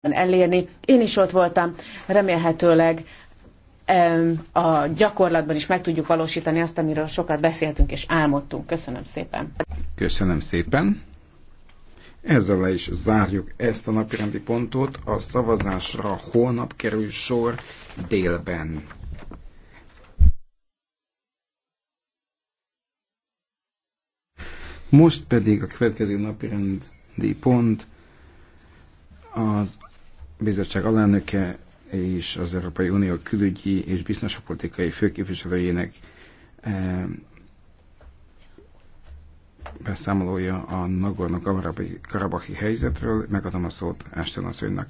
elérni. Én is ott voltam, remélhetőleg a gyakorlatban is meg tudjuk valósítani azt, amiről sokat beszéltünk és álmodtunk. Köszönöm szépen. Köszönöm szépen. Ezzel le is zárjuk ezt a napirendi pontot. A szavazásra holnap kerül sor délben. Most pedig a következő napirendi pont az bizottság alelnöke és az Európai Unió külügyi és biztonságpolitikai főképviselőjének eh, beszámolója a Nagorno-Karabahi helyzetről. Megadom a szót Ashton asszonynak.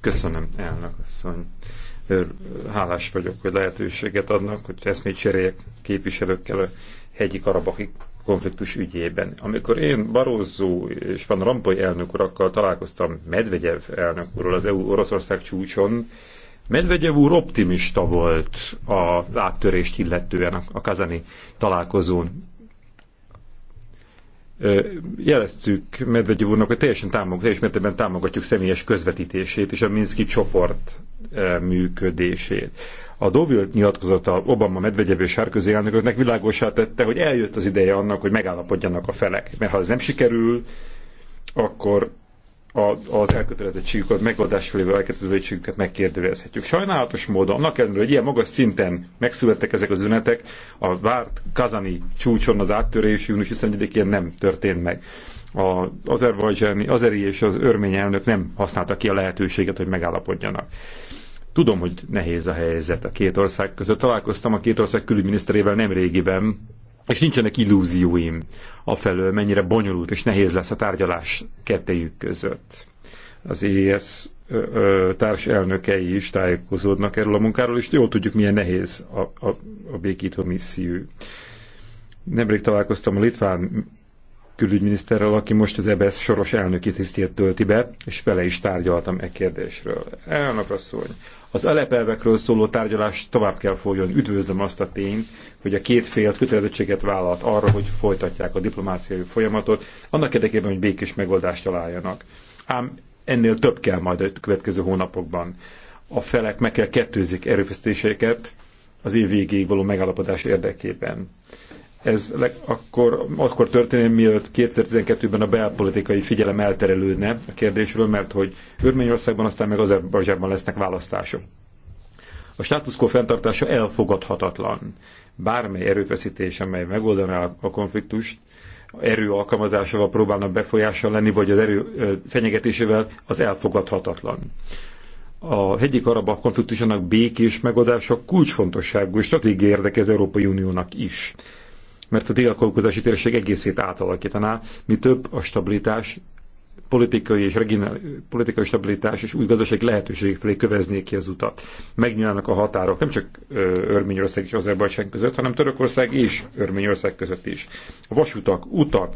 Köszönöm, elnök asszony. Hálás vagyok, hogy lehetőséget adnak, hogy még cseréljek képviselőkkel a hegyi karabahi konfliktus ügyében. Amikor én Barozzó és Van Rompuy elnök urakkal találkoztam Medvegyev elnök úrral az EU-Oroszország csúcson, Medvegyev úr optimista volt a áttörést illetően a kazani találkozón. Jeleztük Medvegyev úrnak, hogy teljesen támogat, teljes mértékben támogatjuk személyes közvetítését és a Minszki csoport működését. A Dovil nyilatkozata Obama Medvegyev és Sárközi elnököknek világosá tette, hogy eljött az ideje annak, hogy megállapodjanak a felek. Mert ha ez nem sikerül, akkor a, az elkötelezettségüket, megoldás felé elkötelezettségüket megkérdőjelezhetjük. Sajnálatos módon, annak ellenére, hogy ilyen magas szinten megszülettek ezek az ünnepek, a várt kazani csúcson az áttörés június 21-én nem történt meg. Az azerbajdzsáni, azeri és az örmény elnök nem használta ki a lehetőséget, hogy megállapodjanak. Tudom, hogy nehéz a helyzet a két ország között. Találkoztam a két ország külügyminiszterével nem régiben, és nincsenek illúzióim afelől, mennyire bonyolult és nehéz lesz a tárgyalás kettejük között. Az EES társ elnökei is tájékozódnak erről a munkáról, és jól tudjuk, milyen nehéz a, a, a békító misszió. Nemrég találkoztam a litván külügyminiszterrel, aki most az EBSZ e soros elnöki tisztét tölti be, és vele is tárgyaltam e kérdésről. Elnök asszony, az alepelvekről szóló tárgyalás tovább kell folyjon. Üdvözlöm azt a tényt, hogy a két fél kötelezettséget vállalt arra, hogy folytatják a diplomáciai folyamatot, annak érdekében, hogy békés megoldást találjanak. Ám ennél több kell majd a következő hónapokban. A felek meg kell kettőzik erőfeszítéseiket az év végéig való megállapodás érdekében ez akkor, akkor történik, mielőtt 2012-ben a belpolitikai figyelem elterelődne a kérdésről, mert hogy Örményországban, aztán meg Azerbajdzsánban lesznek választások. A status quo fenntartása elfogadhatatlan. Bármely erőfeszítés, amely megoldaná a konfliktust, erő alkalmazásával próbálnak befolyással lenni, vagy az erő fenyegetésével, az elfogadhatatlan. A hegyi Karabakh konfliktusának békés megoldása kulcsfontosságú stratégiai érdeke az Európai Uniónak is mert a dél térség egészét átalakítaná, mi több a stabilitás, politikai és regionál, politikai stabilitás és új gazdaság lehetőségek felé köveznék ki az utat. Megnyílnának a határok nem csak Örményország és Azerbajdzsán között, hanem Törökország és Örményország között is. A vasutak, utak,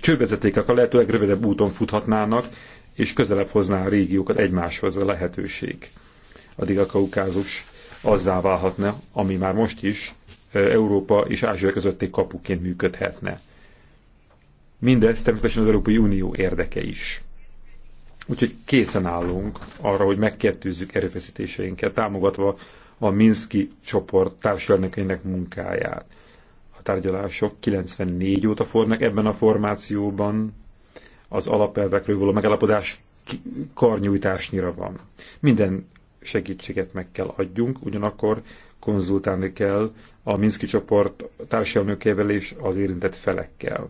csővezetékek a lehető legrövidebb úton futhatnának, és közelebb hozná a régiókat egymáshoz a lehetőség. Addig a kaukázus azzá válhatna, ami már most is Európa és Ázsia közötti kapuként működhetne. Mindez természetesen az Európai Unió érdeke is. Úgyhogy készen állunk arra, hogy megkettőzzük erőfeszítéseinket, támogatva a Minszki csoport társadalmakainak munkáját. A tárgyalások 94 óta fornak ebben a formációban, az alapelvekről való megállapodás karnyújtásnyira van. Minden segítséget meg kell adjunk, ugyanakkor konzultálni kell a Minszki csoport társelnökével és az érintett felekkel.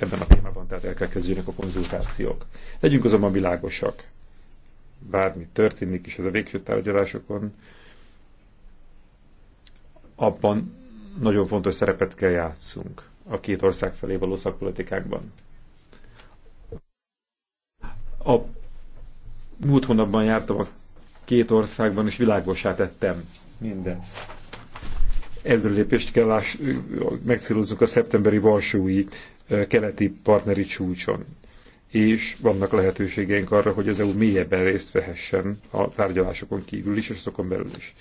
Ebben a témában tehát el kell kezdődjenek a konzultációk. Legyünk azonban világosak. Bármi történik is ez a végső tárgyalásokon, abban nagyon fontos szerepet kell játszunk a két ország felé való szakpolitikákban. A múlt hónapban jártam a két országban, és világosá tettem mindezt Előrelépést kell láss, a szeptemberi Varsói keleti partneri csúcson. És vannak lehetőségeink arra, hogy az EU mélyebben részt vehessen a tárgyalásokon kívül is, és szokon belül is.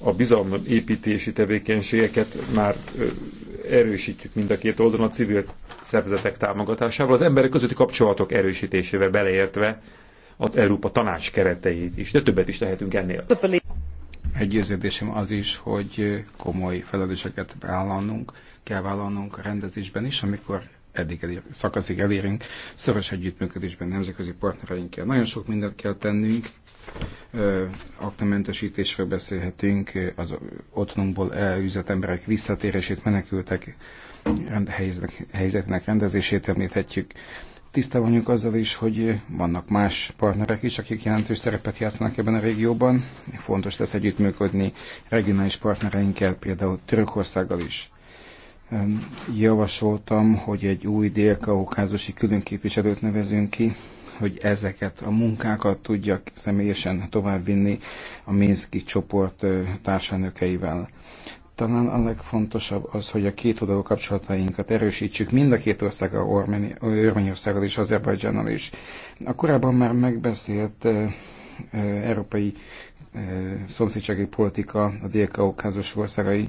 A bizalom építési tevékenységeket már erősítjük mind a két oldalon a civil szervezetek támogatásával, az emberek közötti kapcsolatok erősítésével beleértve az Európa tanács kereteit is, de többet is lehetünk ennél. Meggyőződésem az is, hogy komoly feladéseket vállalnunk, kell vállalnunk a rendezésben is, amikor eddig elér, szakaszig elérünk, szoros együttműködésben nemzetközi partnereinkkel. Nagyon sok mindent kell tennünk, aktamentesítésről beszélhetünk, az otthonunkból elűzött emberek visszatérését, menekültek rend, helyzetnek rendezését említhetjük. Tiszta vagyunk azzal is, hogy vannak más partnerek is, akik jelentős szerepet játszanak ebben a régióban. Fontos lesz együttműködni regionális partnereinkkel, például Törökországgal is. Javasoltam, hogy egy új dél-kaukázusi különképviselőt nevezünk ki, hogy ezeket a munkákat tudjak személyesen továbbvinni a Minszki csoport társadalmokeivel talán a legfontosabb az, hogy a két oldalú kapcsolatainkat erősítsük, mind a két országgal, Örményországgal és Azerbajdzsánnal is. A korábban már megbeszélt e, e, európai e, szomszédsági politika a dél-kaukázus országai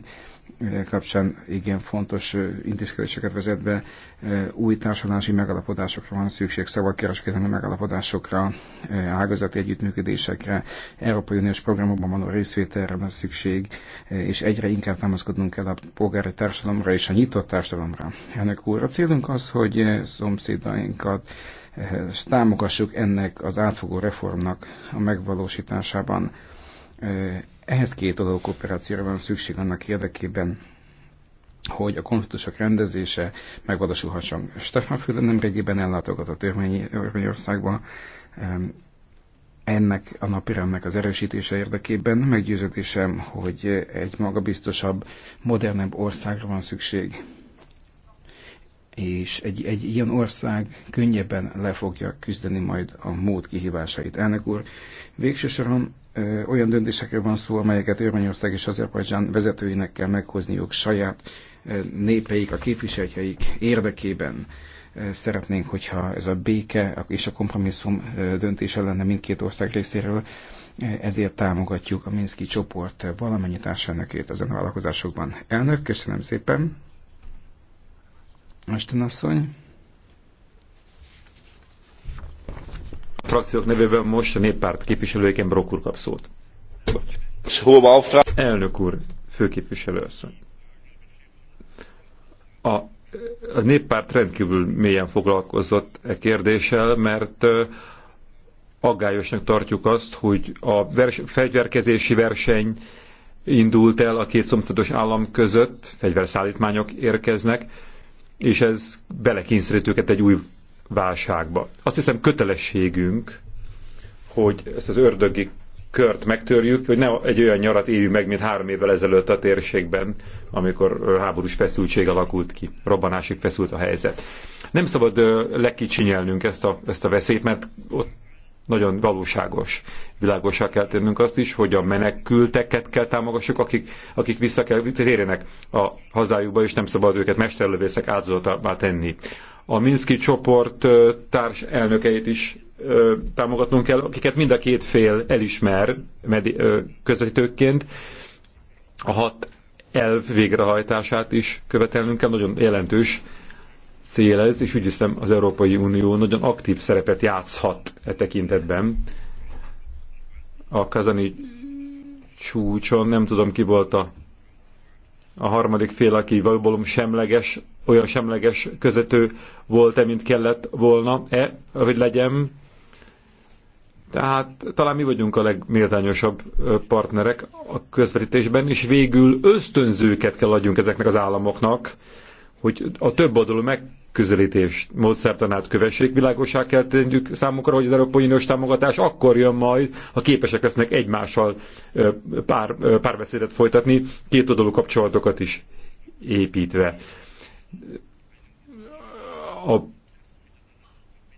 kapcsán igen fontos intézkedéseket vezet be új társadalmi megalapodásokra van szükség, szabadkereskedelmi megalapodásokra, ágazati együttműködésekre, Európai Uniós programokban való részvételre van szükség, és egyre inkább támaszkodnunk kell a polgári társadalomra és a nyitott társadalomra. Ennek úr, a célunk az, hogy szomszédainkat támogassuk ennek az átfogó reformnak a megvalósításában. Ehhez két adó kooperációra van szükség annak érdekében, hogy a konfliktusok rendezése megvalósulhasson. Stefan Füle régiben ellátogatott Örményországba, ennek a napirendnek az erősítése érdekében meggyőződésem, hogy egy magabiztosabb, modernebb országra van szükség és egy, egy ilyen ország könnyebben le fogja küzdeni majd a mód kihívásait. Elnök úr, végső soron ö, olyan döntésekre van szó, amelyeket Örményország és Azerbajdzsán vezetőinek kell meghozniuk saját ö, népeik, a képviselőik érdekében. szeretnénk, hogyha ez a béke és a kompromisszum döntése lenne mindkét ország részéről, ezért támogatjuk a Minszki csoport valamennyi társelnökét ezen a vállalkozásokban. Elnök, köszönöm szépen! Ashton asszony. A frakciók nevében most a néppárt képviselőjéken Brok úr kap szót. Elnök úr, főképviselő asszony. A, a néppárt rendkívül mélyen foglalkozott e kérdéssel, mert aggályosnak tartjuk azt, hogy a vers, fegyverkezési verseny indult el a két szomszédos állam között, fegyverszállítmányok érkeznek, és ez belekényszerít őket egy új válságba. Azt hiszem kötelességünk, hogy ezt az ördögi kört megtörjük, hogy ne egy olyan nyarat éljünk meg, mint három évvel ezelőtt a térségben, amikor háborús feszültség alakult ki, robbanásig feszült a helyzet. Nem szabad lekicsinyelnünk ezt a, ezt a veszélyt, mert ott nagyon valóságos. Világosá kell tennünk azt is, hogy a menekülteket kell támogassuk, akik, akik vissza kell térjenek a hazájukba, és nem szabad őket mesterlövészek áldozatává tenni. A Minszki csoport társ elnökeit is támogatnunk kell, akiket mind a két fél elismer közvetítőként. A hat elv végrehajtását is követelnünk kell, nagyon jelentős célez, és úgy hiszem az Európai Unió nagyon aktív szerepet játszhat e tekintetben. A kazani csúcson nem tudom ki volt a, a harmadik fél, aki valóban semleges, olyan semleges közető volt-e, mint kellett volna-e, hogy legyen. Tehát talán mi vagyunk a legméltányosabb partnerek a közvetítésben, és végül ösztönzőket kell adjunk ezeknek az államoknak, hogy a több oldalú megközelítést módszertanát kövessék, világosá kell tenniük számukra, hogy az Európai Uniós támogatás akkor jön majd, ha képesek lesznek egymással pár, párbeszédet folytatni, két oldalú kapcsolatokat is építve. A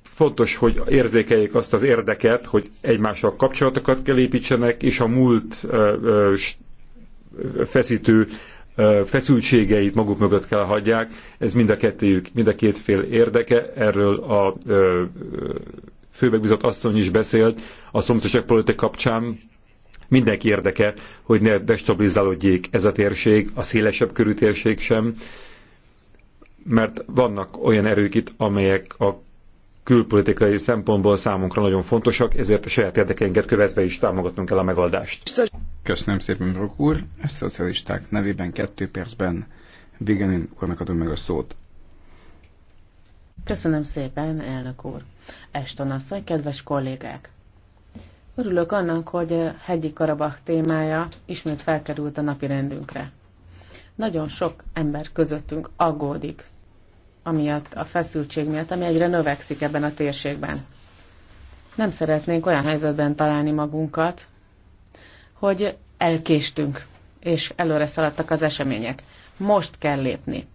fontos, hogy érzékeljék azt az érdeket, hogy egymással kapcsolatokat kell építsenek, és a múlt feszítő feszültségeit maguk mögött kell hagyják, ez mind a kettőjük, mind a két fél érdeke, erről a főbegbizott asszony is beszélt a szomszédság politik kapcsán, mindenki érdeke, hogy ne destabilizálódjék ez a térség, a szélesebb körű térség sem, mert vannak olyan erők itt, amelyek a külpolitikai szempontból számunkra nagyon fontosak, ezért a saját érdekeinket követve is támogatnunk kell a megoldást. Köszönöm szépen, Brok úr. A szocialisták nevében kettő percben Vigenin úrnak adom meg a szót. Köszönöm szépen, elnök úr. Eston asszony, kedves kollégák! Örülök annak, hogy hegyi Karabach témája ismét felkerült a napi rendünkre. Nagyon sok ember közöttünk aggódik amiatt, a feszültség miatt, ami egyre növekszik ebben a térségben. Nem szeretnénk olyan helyzetben találni magunkat, hogy elkéstünk, és előre szaladtak az események. Most kell lépni.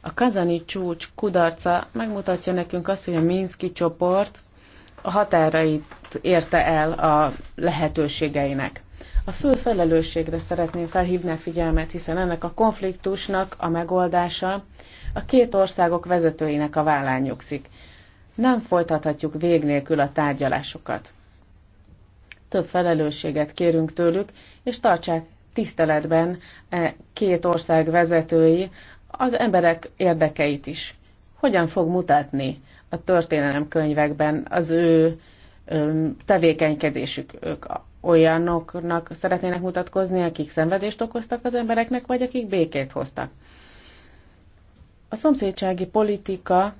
A kazani csúcs kudarca megmutatja nekünk azt, hogy a Minszki csoport a határait érte el a lehetőségeinek. A fő felelősségre szeretném felhívni a figyelmet, hiszen ennek a konfliktusnak a megoldása a két országok vezetőinek a vállán nyugszik. Nem folytathatjuk vég nélkül a tárgyalásokat. Több felelősséget kérünk tőlük, és tartsák tiszteletben e két ország vezetői az emberek érdekeit is. Hogyan fog mutatni a könyvekben az ő tevékenykedésük, ők a olyanoknak szeretnének mutatkozni, akik szenvedést okoztak az embereknek, vagy akik békét hoztak. A szomszédsági politika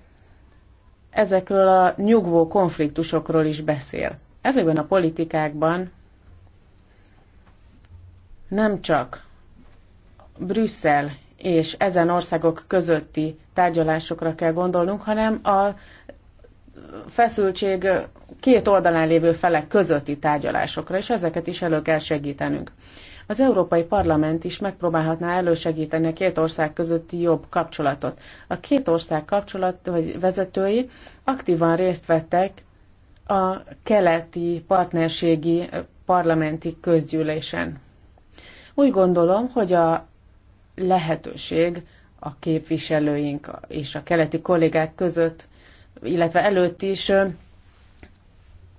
ezekről a nyugvó konfliktusokról is beszél. Ezekben a politikákban nem csak Brüsszel és ezen országok közötti tárgyalásokra kell gondolnunk, hanem a feszültség két oldalán lévő felek közötti tárgyalásokra, és ezeket is elő kell segítenünk. Az Európai Parlament is megpróbálhatná elősegíteni a két ország közötti jobb kapcsolatot. A két ország kapcsolat vagy vezetői aktívan részt vettek a keleti partnerségi parlamenti közgyűlésen. Úgy gondolom, hogy a lehetőség a képviselőink és a keleti kollégák között illetve előtt is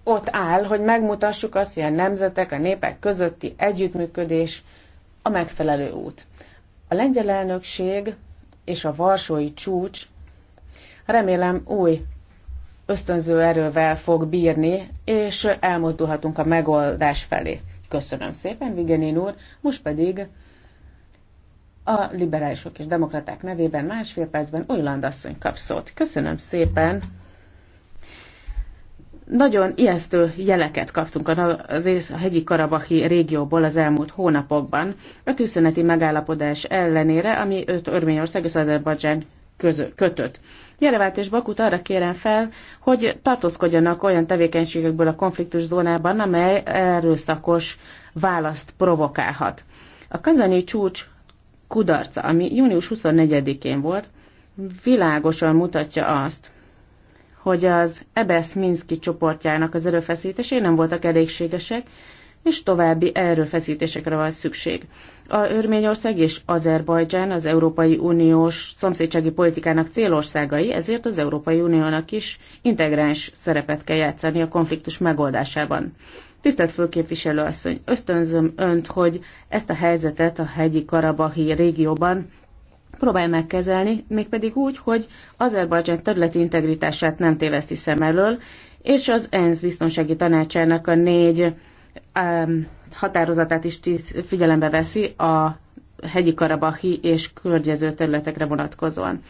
ott áll, hogy megmutassuk azt, hogy a nemzetek, a népek közötti együttműködés a megfelelő út. A lengyel elnökség és a varsói csúcs remélem új ösztönző erővel fog bírni, és elmozdulhatunk a megoldás felé. Köszönöm szépen, Vigenin úr, most pedig a liberálisok és demokraták nevében másfél percben Ujland asszony kap szót. Köszönöm szépen! Nagyon ijesztő jeleket kaptunk az a hegyi karabahi régióból az elmúlt hónapokban a tűzszüneti megállapodás ellenére, ami öt Örményország és Azerbajdzsán kötött. Jerevált és Bakut arra kérem fel, hogy tartózkodjanak olyan tevékenységekből a konfliktus zónában, amely erőszakos választ provokálhat. A kazani csúcs kudarca, ami június 24-én volt, világosan mutatja azt, hogy az Ebesz Minszki csoportjának az erőfeszítései nem voltak elégségesek, és további erőfeszítésekre van szükség. A Örményország és Azerbajdzsán az Európai Uniós szomszédsági politikának célországai, ezért az Európai Uniónak is integráns szerepet kell játszani a konfliktus megoldásában. Tisztelt főképviselő asszony, ösztönzöm önt, hogy ezt a helyzetet a hegyi Karabahi régióban próbálj megkezelni, mégpedig úgy, hogy Azerbajdzsán területi integritását nem téveszti szem elől, és az ENSZ biztonsági tanácsának a négy um, határozatát is tíz figyelembe veszi a hegyi karabahi és környező területekre vonatkozóan.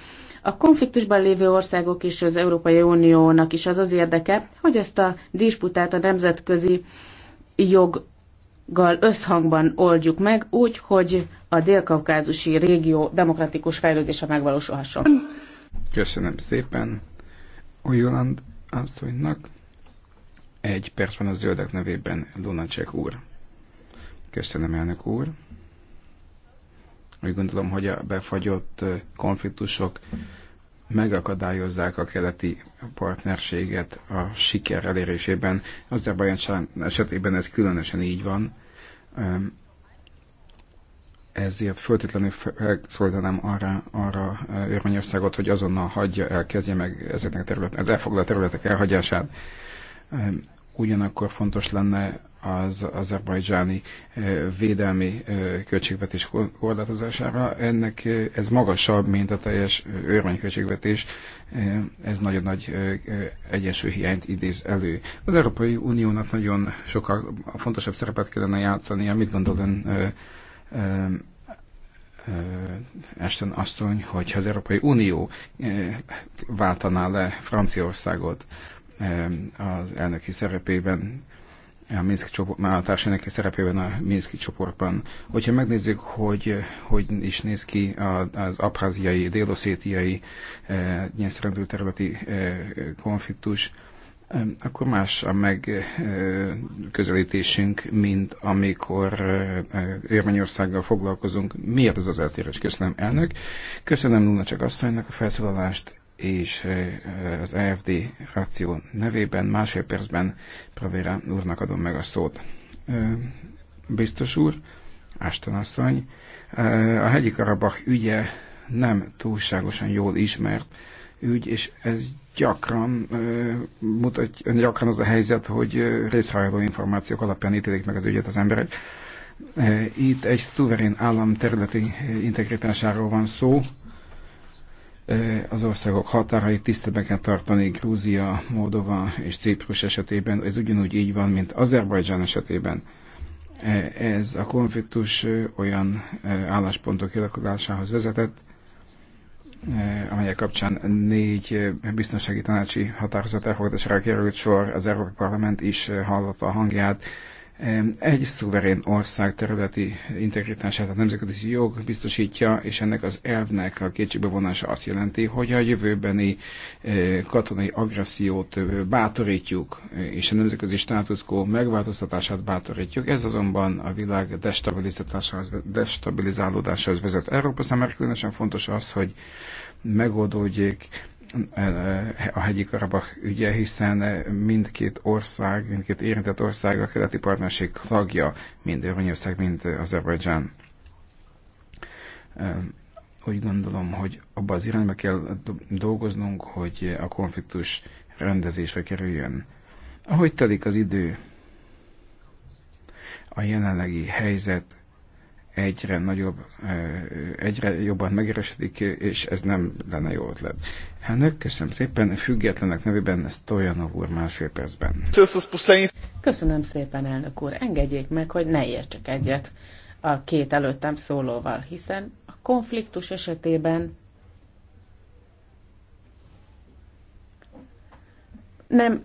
A konfliktusban lévő országok és az Európai Uniónak is az az érdeke, hogy ezt a disputát a nemzetközi joggal összhangban oldjuk meg, úgy, hogy a dél-kaukázusi régió demokratikus fejlődése megvalósulhasson. Köszönöm szépen Ujjuland asszonynak. Egy perc van a zöldek nevében, Lunacek úr. Köszönöm, elnök úr. Úgy gondolom, hogy a befagyott konfliktusok megakadályozzák a keleti partnerséget a siker elérésében. Azerbajdzsán esetében ez különösen így van. Ezért föltétlenül felszólítanám arra, arra Örményországot, hogy azonnal hagyja el, kezdje meg ezeknek a területek, az elfoglalt területek elhagyását. Ugyanakkor fontos lenne az azerbajdzsáni eh, védelmi eh, költségvetés korlátozására. Ennek eh, ez magasabb, mint a teljes örvényköltségvetés. Ez nagyon nagy egyensúlyhiányt idéz elő. Az Európai Uniónak nagyon sokkal fontosabb szerepet kellene játszani. Mit gondol ön Ashton asszony, hogyha az Európai Unió váltaná le Franciaországot az elnöki szerepében, a Minszki csoport, a társadalmi szerepében a Minszki csoportban. Hogyha megnézzük, hogy hogy is néz ki az abháziai, déloszétiai e, nyelszerendő területi e, konfliktus, e, akkor más a megközelítésünk, e, mint amikor Örményországgal foglalkozunk. Miért ez az eltérés? Köszönöm, elnök. Köszönöm Luna csak asszonynak a felszólalást, és eh, eh, az AFD e frakció nevében másfél percben Pravera úrnak adom meg a szót. Eh, biztos úr, Ásten asszony, a hegyi Karabach ügye nem túlságosan jól ismert ügy, és ez gyakran mutat, gyakran az a helyzet, hogy részhajló információk alapján ítélik meg az ügyet az emberek. Itt egy szuverén állam területi integritásáról van szó, az országok határait tiszteletben kell tartani Grúzia, Moldova és Ciprus esetében. Ez ugyanúgy így van, mint Azerbajdzsán esetében. Ez a konfliktus olyan álláspontok kialakulásához vezetett, amelyek kapcsán négy biztonsági tanácsi határozat elfogadására került sor, az Európai Parlament is hallotta a hangját, egy szuverén ország területi integritását a nemzetközi jog biztosítja, és ennek az elvnek a kétségbevonása azt jelenti, hogy a jövőbeni eh, katonai agressziót eh, bátorítjuk, eh, és a nemzetközi státuszkó megváltoztatását bátorítjuk. Ez azonban a világ destabilizálódásához vezet. Európa számára különösen fontos az, hogy megoldódjék Eh, a hegyi Karabach ügye, hiszen eh, mindkét ország, mindkét érintett ország a keleti partnerség tagja, mind Örményország, mind eh, Azerbajdzsán. Úgy gondolom, hogy abba az irányba kell dolgoznunk, hogy a konfliktus rendezésre kerüljön. Ahogy telik az idő, a jelenlegi helyzet egyre nagyobb, egyre jobban megeresedik, és ez nem lenne jó ötlet. Elnök, köszönöm szépen, függetlenek nevében Stojanov úr másfél percben. Köszönöm szépen, elnök úr. Engedjék meg, hogy ne értsek egyet a két előttem szólóval, hiszen a konfliktus esetében nem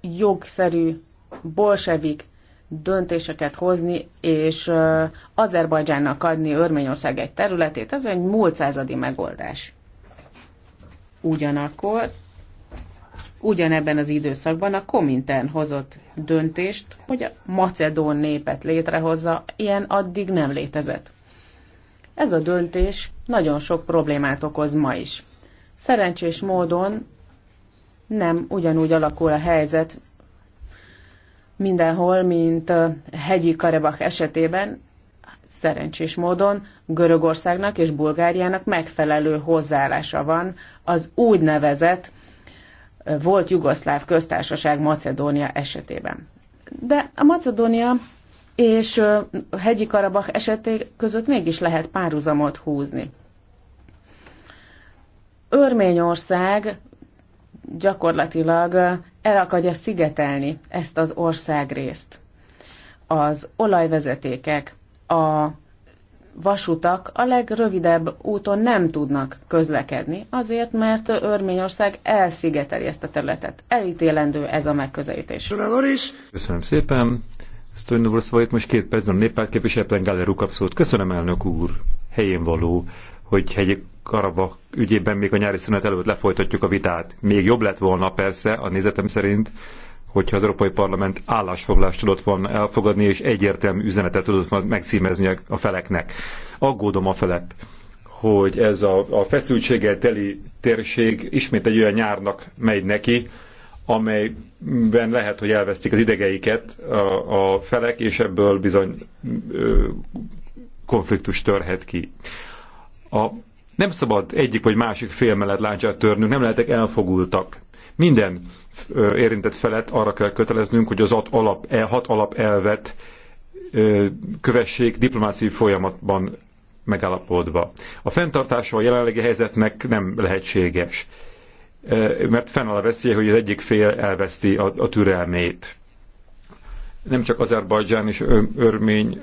jogszerű bolsevik döntéseket hozni, és Azerbajdzsánnak adni Örményország egy területét, ez egy múlt századi megoldás. Ugyanakkor, ugyanebben az időszakban a Komintern hozott döntést, hogy a macedón népet létrehozza, ilyen addig nem létezett. Ez a döntés nagyon sok problémát okoz ma is. Szerencsés módon nem ugyanúgy alakul a helyzet, mindenhol, mint hegyi Karabach esetében, szerencsés módon Görögországnak és Bulgáriának megfelelő hozzáállása van az úgynevezett volt Jugoszláv köztársaság Macedónia esetében. De a Macedónia és hegyi Karabach eseté között mégis lehet párhuzamot húzni. Örményország gyakorlatilag el akarja szigetelni ezt az országrészt. Az olajvezetékek, a vasutak a legrövidebb úton nem tudnak közlekedni, azért, mert Örményország elszigeteli ezt a területet. Elítélendő ez a megközelítés. Köszönöm szépen. Sztorinov úr itt most két percben a néppárt képviselőben Galler úr Köszönöm, elnök úr. Helyén való, hogy egy Karabak ügyében még a nyári szünet előtt lefolytatjuk a vitát. Még jobb lett volna persze, a nézetem szerint, hogyha az Európai Parlament állásfoglalást tudott volna elfogadni, és egyértelmű üzenetet tudott volna megcímezni a feleknek. Aggódom a felett, hogy ez a, a feszültséggel teli térség ismét egy olyan nyárnak megy neki, amelyben lehet, hogy elvesztik az idegeiket a, a felek, és ebből bizony ö, konfliktus törhet ki. A nem szabad egyik vagy másik fél mellett láncsát törnünk, nem lehetek elfogultak. Minden érintett felett arra kell köteleznünk, hogy az alap, hat alap elvet kövessék diplomáciai folyamatban megállapodva. A fenntartása a jelenlegi helyzetnek nem lehetséges, mert fennáll a veszély, hogy az egyik fél elveszti a, a türelmét. Nem csak Azerbajdzsán és Örmény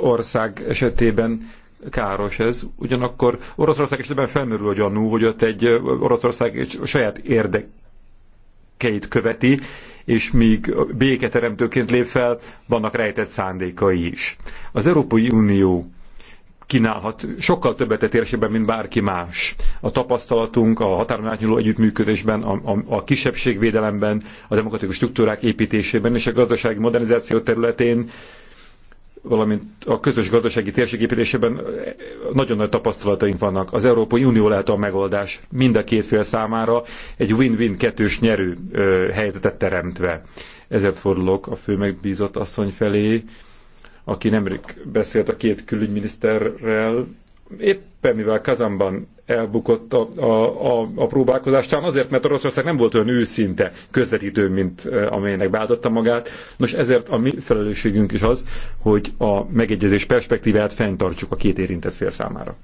ország esetében káros ez. Ugyanakkor Oroszország ebben felmerül a gyanú, hogy ott egy Oroszország egy saját érdekeit követi, és míg béketeremtőként lép fel, vannak rejtett szándékai is. Az Európai Unió kínálhat sokkal többet a térségben, mint bárki más. A tapasztalatunk a határon átnyúló együttműködésben, a, a, a kisebbségvédelemben, a demokratikus struktúrák építésében és a gazdasági modernizáció területén valamint a közös gazdasági térségépítésében eh, nagyon nagy tapasztalataink vannak. Az Európai Unió lehet a megoldás mind a két fél számára egy win-win kettős nyerő helyzetet teremtve. Ezért fordulok a fő megbízott asszony felé, aki nemrég beszélt a két külügyminiszterrel, éppen mivel Kazanban elbukott a, a, a, a próbálkozás, talán azért, mert Oroszország nem volt olyan őszinte közvetítő, mint amelynek beáldotta magát. Nos, ezért a mi felelősségünk is az, hogy a megegyezés perspektívát fenntartsuk a két érintett fél számára.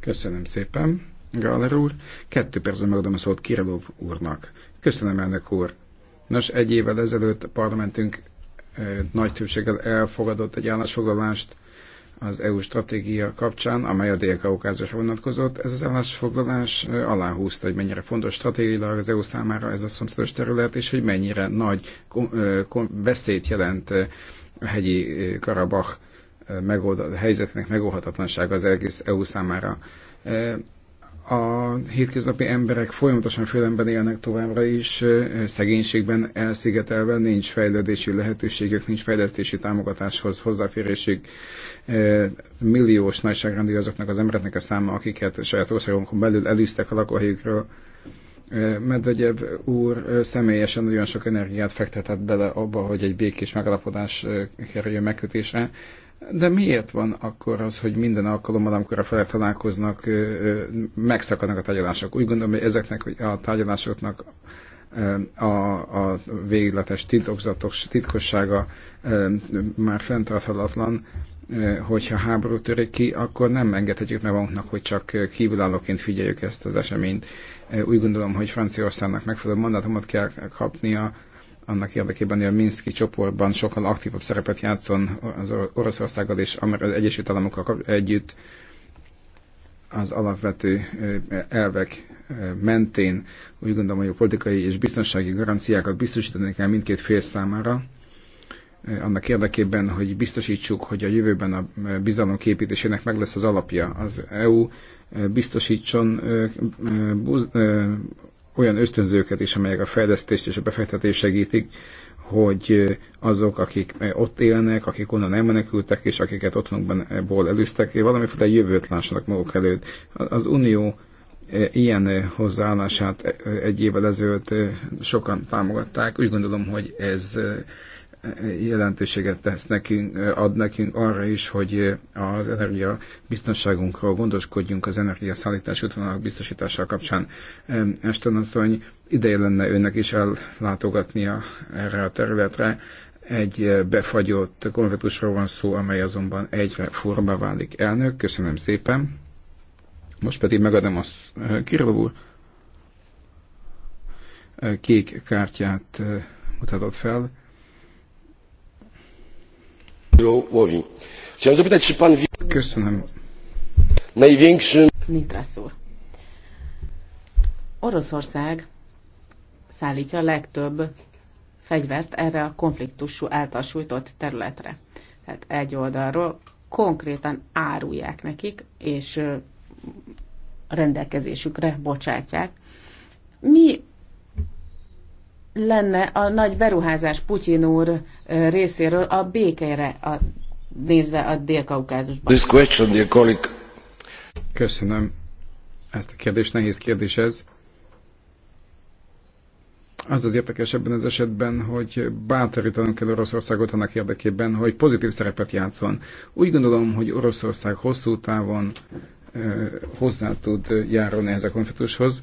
Köszönöm szépen, Galler úr. Kettő percben megadom a szót Kirilov úrnak. Köszönöm, elnök úr. Nos, egy évvel ezelőtt a parlamentünk nagy többséggel elfogadott egy állásfoglalást, az EU stratégia kapcsán, amely a Dél-Kaukázusra vonatkozott. Ez az állásfoglalás aláhúzta, hogy mennyire fontos stratégiailag az EU számára ez a szomszédos terület, és hogy mennyire nagy veszélyt jelent a hegyi Karabach megoldat, helyzetnek megoldhatatlansága az egész EU számára a hétköznapi emberek folyamatosan félemben élnek továbbra is, szegénységben elszigetelve nincs fejlődési lehetőségük, nincs fejlesztési támogatáshoz hozzáférésük. Milliós nagyságrendű azoknak az embereknek a száma, akiket saját országunkon belül elűztek a lakóhelyükről. Medvegyev úr személyesen nagyon sok energiát fektetett bele abba, hogy egy békés megalapodás kerüljön megkötésre. De miért van akkor az, hogy minden alkalommal, amikor a felek találkoznak, megszakadnak a tárgyalások? Úgy gondolom, hogy ezeknek a tárgyalásoknak a, a végletes titokzatos titkossága már fenntarthatatlan, hogyha háború törik ki, akkor nem engedhetjük meg magunknak, hogy csak kívülállóként figyeljük ezt az eseményt. Úgy gondolom, hogy Franciaországnak megfelelő mandátumot kell kapnia annak érdekében, hogy a Minszki csoportban sokkal aktívabb szerepet játszon az Oroszországgal és az Egyesült Államokkal együtt az alapvető elvek mentén úgy gondolom, hogy a politikai és biztonsági garanciákat biztosítani kell mindkét fél számára, annak érdekében, hogy biztosítsuk, hogy a jövőben a bizalom képítésének meg lesz az alapja. Az EU biztosítson olyan ösztönzőket is, amelyek a fejlesztést és a befektetést segítik, hogy azok, akik ott élnek, akik onnan menekültek és akiket otthonukból elűztek, valamiféle jövőt lássanak maguk előtt. Az Unió ilyen hozzáállását egy évvel ezelőtt sokan támogatták. Úgy gondolom, hogy ez jelentőséget tesz nekünk, ad nekünk arra is, hogy az energia biztonságunkról gondoskodjunk az energiaszállítás útvonalak biztosítása kapcsán. Eston asszony, ideje lenne önnek is ellátogatnia erre a területre. Egy befagyott konventusról van szó, amely azonban egyre furba válik. Elnök, köszönöm szépen. Most pedig megadom a úr kék kártyát eh, mutatott fel. Chciałem zapytać, czy pan wie... Köszönöm. Największym... Oroszország szállítja a legtöbb fegyvert erre a konfliktusú által sújtott területre. Tehát egy oldalról konkrétan árulják nekik, és rendelkezésükre bocsátják. Mi lenne a nagy beruházás Putyin úr részéről a békére a, nézve a Dél-Kaukázusban? This question, dear colleague. Köszönöm. Ezt a kérdést nehéz kérdés ez. Az az érdekes ebben az esetben, hogy bátorítanunk kell Oroszországot annak érdekében, hogy pozitív szerepet játszon. Úgy gondolom, hogy Oroszország hosszú távon hozzá tud járulni ez a konfliktushoz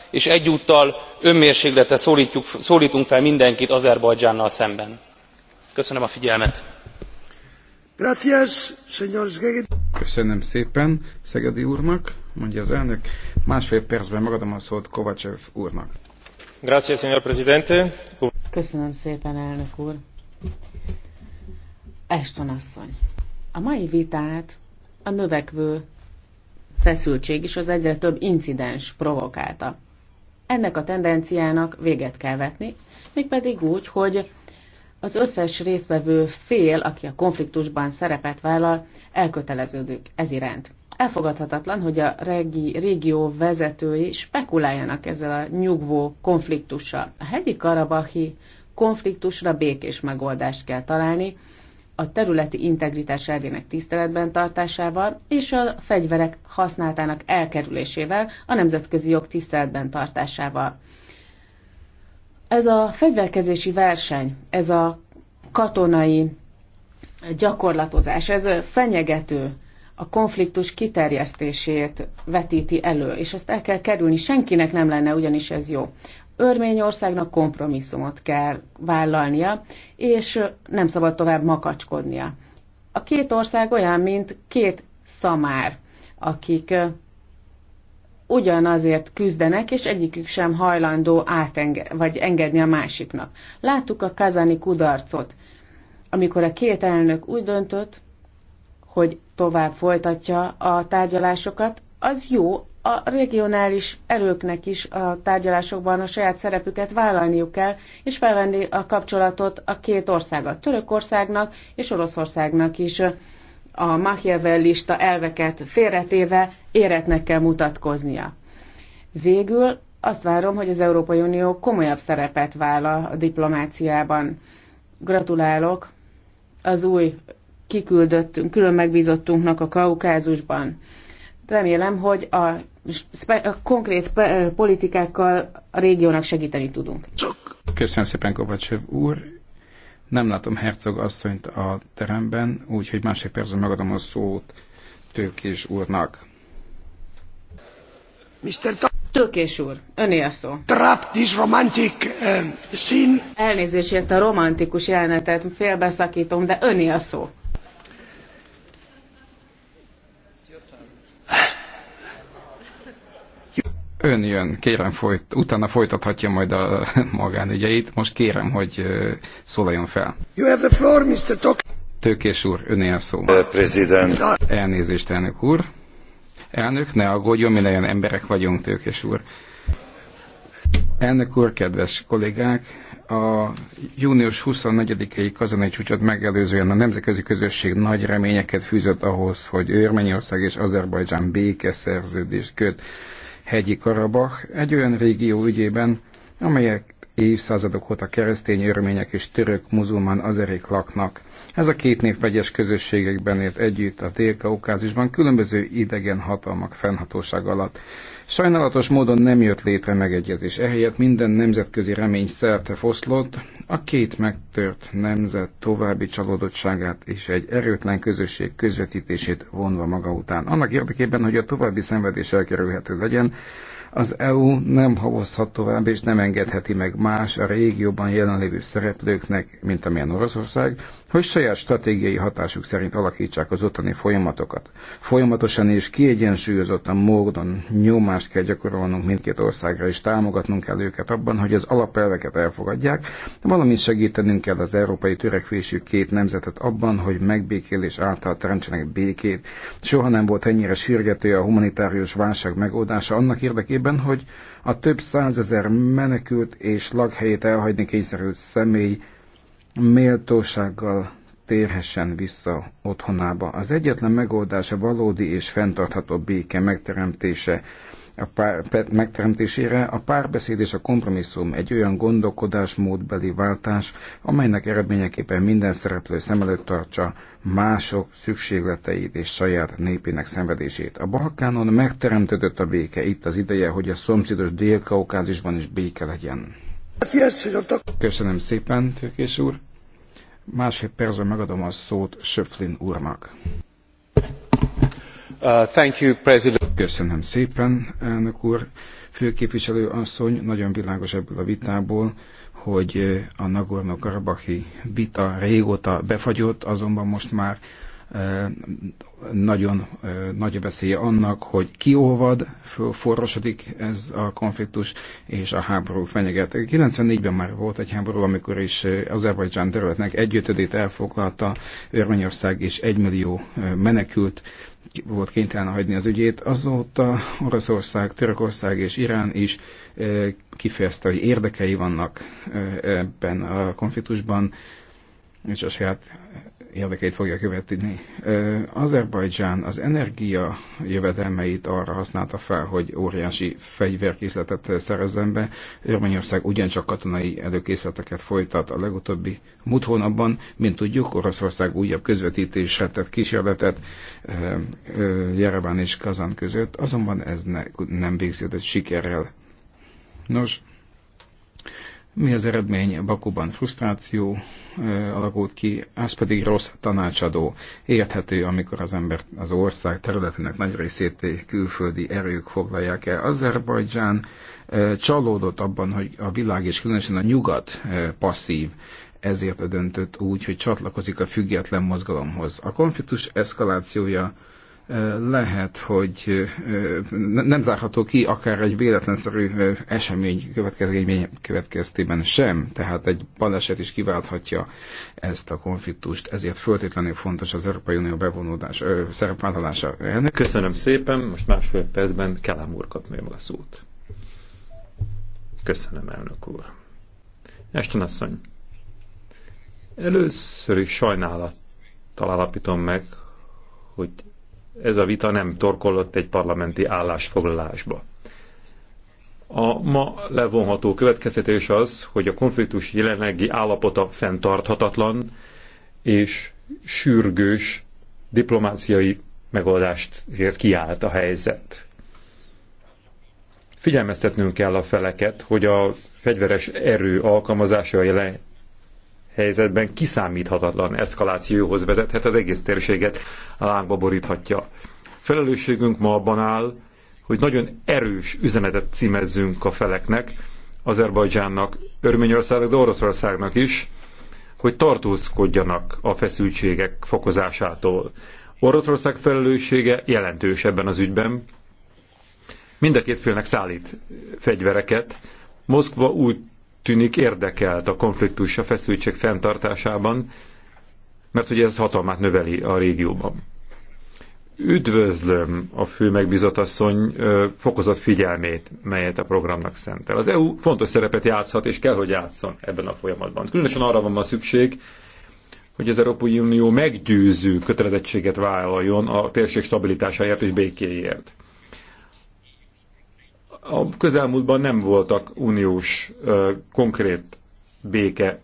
és egyúttal önmérsékletre szóltunk fel mindenkit azerbajdzsánnal szemben. köszönöm a figyelmet. köszönöm szépen szegedi úrnak mondja az elnök másfél percben megadom a szót kovácsev úrnak. köszönöm szépen elnök úr. Eston asszony, a mai vitát a növekvő feszültség és az egyre több incidens provokálta. Ennek a tendenciának véget kell vetni, mégpedig úgy, hogy az összes résztvevő fél, aki a konfliktusban szerepet vállal, elköteleződik ez iránt. Elfogadhatatlan, hogy a regi, régió vezetői spekuláljanak ezzel a nyugvó konfliktussal. A hegyi karabahi konfliktusra békés megoldást kell találni, a területi integritás elvének tiszteletben tartásával és a fegyverek használatának elkerülésével, a nemzetközi jog tiszteletben tartásával. Ez a fegyverkezési verseny, ez a katonai gyakorlatozás, ez fenyegető, a konfliktus kiterjesztését vetíti elő, és ezt el kell kerülni. Senkinek nem lenne ugyanis ez jó. Örményországnak kompromisszumot kell vállalnia, és nem szabad tovább makacskodnia. A két ország olyan, mint két szamár, akik ugyanazért küzdenek, és egyikük sem hajlandó átenge- vagy engedni a másiknak. Láttuk a kazani kudarcot, amikor a két elnök úgy döntött, hogy tovább folytatja a tárgyalásokat, az jó, a regionális erőknek is a tárgyalásokban a saját szerepüket vállalniuk kell, és felvenni a kapcsolatot a két országgal, Törökországnak és Oroszországnak is a Machiavellista elveket félretéve éretnek kell mutatkoznia. Végül azt várom, hogy az Európai Unió komolyabb szerepet vállal a diplomáciában. Gratulálok az új kiküldöttünk, külön megbízottunknak a Kaukázusban remélem, hogy a konkrét politikákkal a régiónak segíteni tudunk. Köszönöm szépen, Kovacsev úr. Nem látom Herzog asszonyt a teremben, úgyhogy másik percben megadom a szót Tőkés úrnak. Mr. Ta- Tőkés úr, öné a szó. Trap this romantic um, scene. Elnézést, ezt a romantikus jelenetet félbeszakítom, de öné a szó. Ön jön, kérem, folyt, utána folytathatja majd a magánügyeit. Most kérem, hogy szólaljon fel. You have the floor, Mr. Tok Tőkés úr, öné a szó. President. Elnézést, elnök úr. Elnök, ne aggódjon, minnyáján emberek vagyunk, Tőkés úr. Elnök úr, kedves kollégák, a június 24-i kazanai csúcsot megelőzően a nemzetközi közösség nagy reményeket fűzött ahhoz, hogy Örményország és Azerbajdzsán békeszerződést köt hegyi Karabach egy olyan régió ügyében, amelyek évszázadok óta keresztény örmények és török muzulmán azerék laknak. Ez a két nép vegyes közösségekben élt együtt a dél különböző idegen hatalmak fennhatóság alatt. Sajnálatos módon nem jött létre megegyezés, ehelyett minden nemzetközi remény szerte foszlott, a két megtört nemzet további csalódottságát és egy erőtlen közösség közvetítését vonva maga után. Annak érdekében, hogy a további szenvedés elkerülhető legyen, az EU nem havozhat tovább, és nem engedheti meg más a régióban jelenlévő szereplőknek, mint amilyen Oroszország, hogy saját stratégiai hatásuk szerint alakítsák az ottani folyamatokat. Folyamatosan és kiegyensúlyozottan módon nyomást kell gyakorolnunk mindkét országra, és támogatnunk kell őket abban, hogy az alapelveket elfogadják, valamint segítenünk kell az európai törekvésű két nemzetet abban, hogy megbékélés által teremtsenek békét. Soha nem volt ennyire sürgető a humanitárius válság megoldása annak érdekében, érdekében, hogy a több százezer menekült és lakhelyét elhagyni kényszerült személy méltósággal térhessen vissza otthonába. Az egyetlen megoldás a valódi és fenntartható béke megteremtése, a pár, megteremtésére a párbeszéd és a kompromisszum egy olyan gondolkodásmódbeli váltás, amelynek eredményeképpen minden szereplő szem előtt tartsa mások szükségleteit és saját népének szenvedését. A Balkánon megteremtődött a béke, itt az ideje, hogy a szomszédos Dél-Kaukázisban is béke legyen. Köszönöm szépen, Tőkés úr. Másfél percben megadom a szót Söflin úrnak. Uh, Köszönöm szépen, elnök úr. Főképviselő asszony, nagyon világos ebből a vitából, hogy uh, a Nagorno-Karabahi vita régóta befagyott, azonban most már uh, nagyon nagy a veszélye annak, hogy kiolvad, forrosodik ez a konfliktus, és a háború fenyeget. 94-ben már volt egy háború, amikor is Azerbajdzsán területnek egyötödét elfoglalta Örményország, és egymillió menekült volt kénytelen hagyni az ügyét, azóta Oroszország, Törökország és Irán is eh, kifejezte, hogy érdekei vannak eh, ebben a konfliktusban, és a saját érdekeit fogja követni. Azerbajdzsán az energia jövedelmeit arra használta fel, hogy óriási fegyverkészletet szerezzen be. Örményország ugyancsak katonai előkészleteket folytat a legutóbbi múlt hónapban. Mint tudjuk, Oroszország újabb közvetítésre tett kísérletet Jereván és Kazan között, azonban ez ne, nem végződött sikerrel. Nos, mi az eredmény? Bakuban frusztráció alakult ki, az pedig rossz tanácsadó. Érthető, amikor az ember az ország területének nagy részét külföldi erők foglalják el. Azerbajdzsán csalódott abban, hogy a világ és különösen a nyugat passzív, ezért döntött úgy, hogy csatlakozik a független mozgalomhoz. A konfliktus eszkalációja lehet, hogy nem zárható ki akár egy véletlenszerű esemény következtében sem, tehát egy baleset is kiválthatja ezt a konfliktust, ezért föltétlenül fontos az Európai Unió bevonódás, szerepvállalása. Ennek... Köszönöm szépen, most másfél percben Kelem úr kapném a szót. Köszönöm, elnök úr. Esten asszony, először is sajnálattal találapítom meg, hogy ez a vita nem torkollott egy parlamenti állásfoglalásba. A ma levonható következtetés az, hogy a konfliktus jelenlegi állapota fenntarthatatlan és sürgős diplomáciai megoldást ért kiállt a helyzet. Figyelmeztetnünk kell a feleket, hogy a fegyveres erő alkalmazása a jelen helyzetben kiszámíthatatlan eszkalációhoz vezethet, az egész térséget lángba boríthatja. Felelősségünk ma abban áll, hogy nagyon erős üzenetet címezzünk a feleknek, Azerbajdzsánnak, Örményországnak, de Oroszországnak is, hogy tartózkodjanak a feszültségek fokozásától. Oroszország felelőssége jelentős ebben az ügyben. Mind a két félnek szállít fegyvereket. Moszkva úgy tűnik érdekelt a konfliktus, a feszültség fenntartásában, mert hogy ez hatalmát növeli a régióban. Üdvözlöm a fő megbizatasszony fokozott figyelmét, melyet a programnak szentel. Az EU fontos szerepet játszhat, és kell, hogy játszon ebben a folyamatban. Különösen arra van ma szükség, hogy az Európai Unió meggyőző kötelezettséget vállaljon a térség stabilitásáért és békéért a közelmúltban nem voltak uniós konkrét béke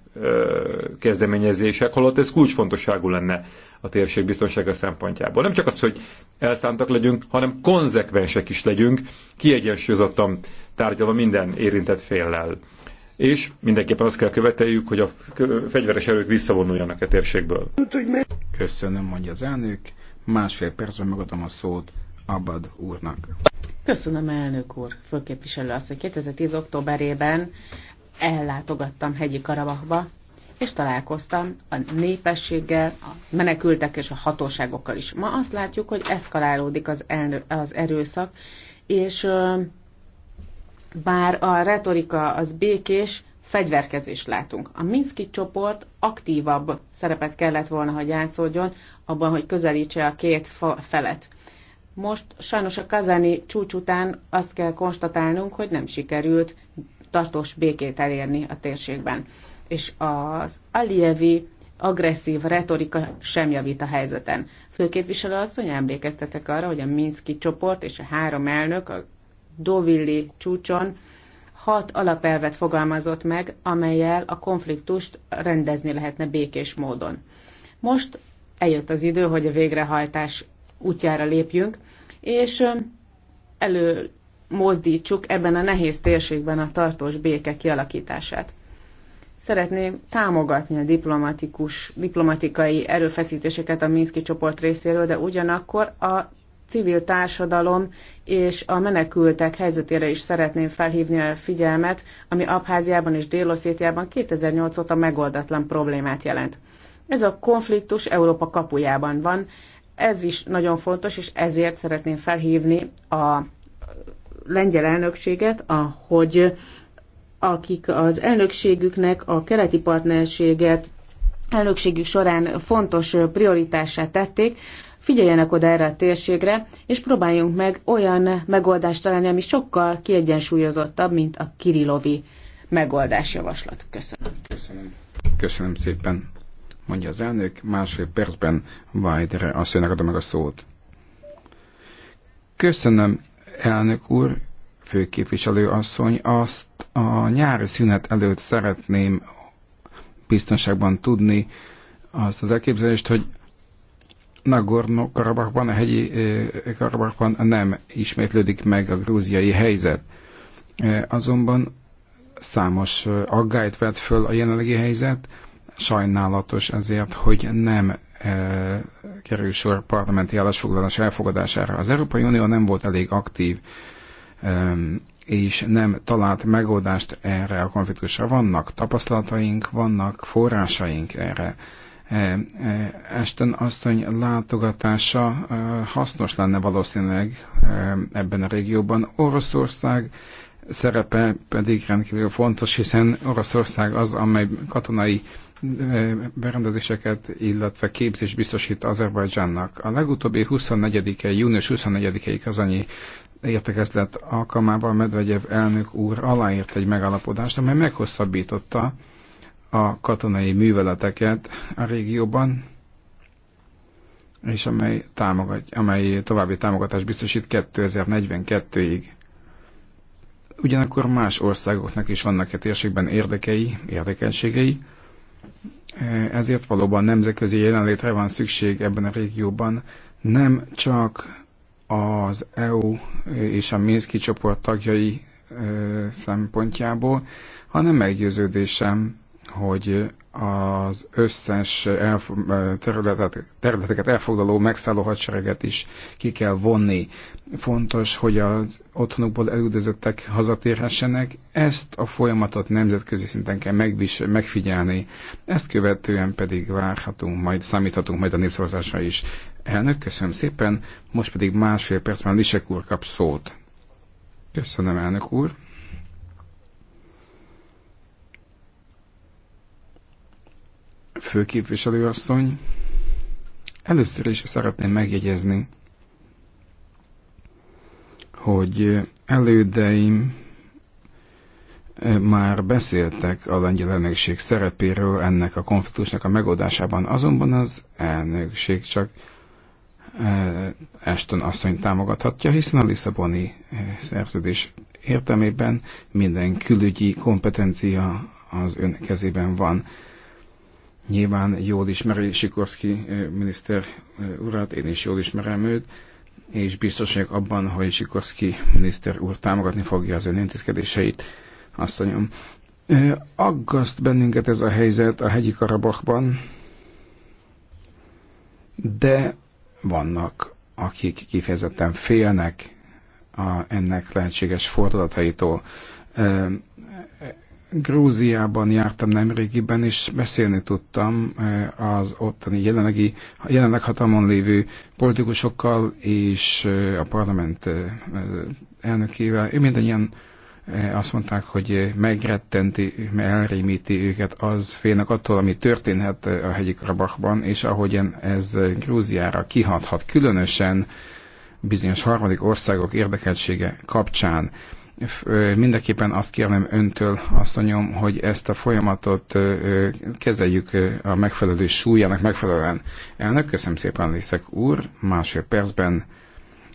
kezdeményezések, holott ez kulcsfontosságú lenne a térség biztonsága szempontjából. Nem csak az, hogy elszántak legyünk, hanem konzekvensek is legyünk, kiegyensúlyozottan tárgyalva minden érintett féllel. És mindenképpen azt kell követeljük, hogy a fegyveres erők visszavonuljanak a e térségből. Köszönöm, mondja az elnök. Másfél percben megadom a szót Abad úrnak. Köszönöm, elnök úr, főképviselő azt, hogy 2010. októberében ellátogattam hegyi Karabachba, és találkoztam a népességgel, a menekültek és a hatóságokkal is. Ma azt látjuk, hogy eszkalálódik az, elnő, az erőszak, és bár a retorika az békés, fegyverkezés látunk. A Minszki csoport aktívabb szerepet kellett volna, hogy játszódjon abban, hogy közelítse a két felet. Most sajnos a kazáni csúcs után azt kell konstatálnunk, hogy nem sikerült tartós békét elérni a térségben. És az Alievi agresszív retorika sem javít a helyzeten. Főképviselő asszony emlékeztetek arra, hogy a Minszki csoport és a három elnök a Dovilli csúcson hat alapelvet fogalmazott meg, amelyel a konfliktust rendezni lehetne békés módon. Most eljött az idő, hogy a végrehajtás útjára lépjünk, és elő mozdítsuk ebben a nehéz térségben a tartós béke kialakítását. Szeretném támogatni a diplomatikus, diplomatikai erőfeszítéseket a Minszki csoport részéről, de ugyanakkor a civil társadalom és a menekültek helyzetére is szeretném felhívni a figyelmet, ami Abháziában és Délosszétiában 2008 óta megoldatlan problémát jelent. Ez a konfliktus Európa kapujában van, ez is nagyon fontos, és ezért szeretném felhívni a lengyel elnökséget, ahogy akik az elnökségüknek a keleti partnerséget elnökségük során fontos prioritását tették, figyeljenek oda erre a térségre, és próbáljunk meg olyan megoldást találni, ami sokkal kiegyensúlyozottabb, mint a Kirilovi megoldásjavaslat. Köszönöm. Köszönöm. Köszönöm szépen mondja az elnök, másfél percben Vajdere asszonynak adom meg a szót. Köszönöm, elnök úr, főképviselő asszony, azt a nyári szünet előtt szeretném biztonságban tudni azt az elképzelést, hogy Nagorno-Karabakban, a hegyi Karabakban nem ismétlődik meg a grúziai helyzet. Azonban számos aggályt vet föl a jelenlegi helyzet, Sajnálatos ezért, hogy nem e, kerül sor parlamenti állásfoglalás elfogadására. Az Európai Unió nem volt elég aktív, e, és nem talált megoldást erre a konfliktusra. Vannak tapasztalataink, vannak forrásaink erre. Esten e, asszony látogatása e, hasznos lenne valószínűleg e, ebben a régióban. Oroszország szerepe pedig rendkívül fontos, hiszen Oroszország az, amely katonai berendezéseket, illetve képzés biztosít Azerbajdzsánnak. A legutóbbi 24-e, június 24-i kazanyi értekezlet alkalmával Medvegyev elnök úr aláírt egy megalapodást, amely meghosszabbította a katonai műveleteket a régióban, és amely, támogat, amely további támogatást biztosít 2042-ig. Ugyanakkor más országoknak is vannak a térségben érdekei, érdekenségei, ezért valóban nemzetközi jelenlétre van szükség ebben a régióban, nem csak az EU és a Minszki csoport tagjai szempontjából, hanem meggyőződésem, hogy az összes elf- területet, területeket elfoglaló megszálló hadsereget is ki kell vonni. Fontos, hogy az otthonukból elüldözöttek hazatérhessenek. Ezt a folyamatot nemzetközi szinten kell megvis- megfigyelni. Ezt követően pedig várhatunk, majd számíthatunk majd a népszavazásra is. Elnök, köszönöm szépen. Most pedig másfél percben Lisek úr kap szót. Köszönöm, elnök úr. főképviselőasszony. Először is szeretném megjegyezni, hogy elődeim eh, már beszéltek a lengyel elnökség szerepéről ennek a konfliktusnak a megoldásában, azonban az elnökség csak Eston eh, asszony támogathatja, hiszen a Lisszaboni eh, szerződés értelmében minden külügyi kompetencia az ön kezében van nyilván jól ismeri Sikorszki miniszter urat, én is jól ismerem őt, és biztos vagyok abban, hogy Sikorszki miniszter úr támogatni fogja az ön intézkedéseit, asszonyom. Aggaszt bennünket ez a helyzet a hegyi Karabachban, de vannak, akik kifejezetten félnek a, ennek lehetséges fordulataitól. Grúziában jártam nemrégiben, és beszélni tudtam eh, az ottani jelenlegi, jelenleg hatalmon lévő politikusokkal és eh, a parlament eh, elnökével. Ő mindannyian azt mondták, hogy megrettenti, elrémíti őket az, félnek attól, ami történhet a hegyi Karabachban, és ahogyan ez Grúziára kihathat, különösen bizonyos harmadik országok érdekeltsége kapcsán mindenképpen azt kérném öntől, asszonyom, hogy ezt a folyamatot kezeljük a megfelelő súlyának megfelelően. Elnök, köszönöm szépen, Liszek úr. Másfél percben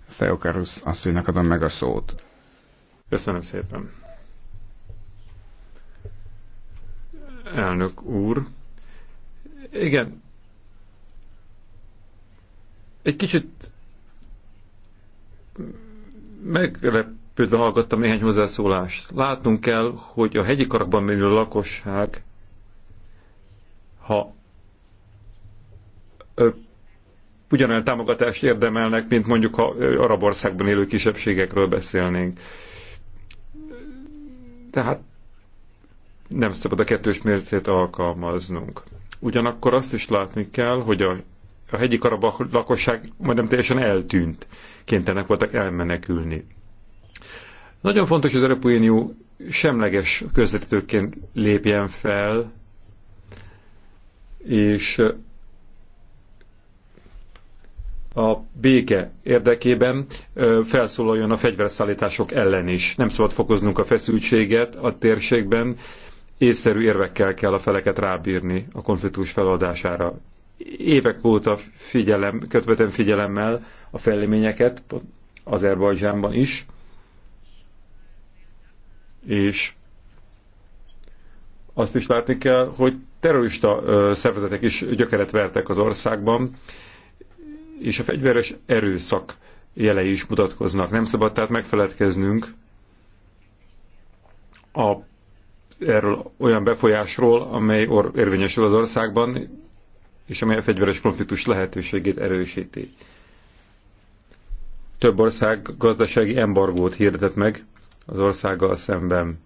Theokarus asszonynak adom meg a szót. Köszönöm szépen. Elnök úr. Igen. Egy kicsit meglep közben hallgattam néhány hozzászólást. Látnunk kell, hogy a hegyi karakban lévő lakosság, ha ö, ugyanolyan támogatást érdemelnek, mint mondjuk ha arab országban élő kisebbségekről beszélnénk. Tehát nem szabad a kettős mércét alkalmaznunk. Ugyanakkor azt is látni kell, hogy a, a hegyi karabak lakosság majdnem teljesen eltűnt. Kénytelenek voltak elmenekülni nagyon fontos, hogy az Európai Unió semleges közvetítőként lépjen fel, és a béke érdekében felszólaljon a fegyverszállítások ellen is. Nem szabad fokoznunk a feszültséget a térségben, észszerű érvekkel kell a feleket rábírni a konfliktus feloldására. Évek óta figyelem, kötvetem figyelemmel a fejleményeket Azerbajdzsánban is, és azt is látni kell, hogy terrorista szervezetek is gyökeret vertek az országban, és a fegyveres erőszak jelei is mutatkoznak. Nem szabad tehát megfeledkeznünk a, erről olyan befolyásról, amely or, érvényesül az országban, és amely a fegyveres konfliktus lehetőségét erősíti. Több ország gazdasági embargót hirdetett meg, az országgal szemben.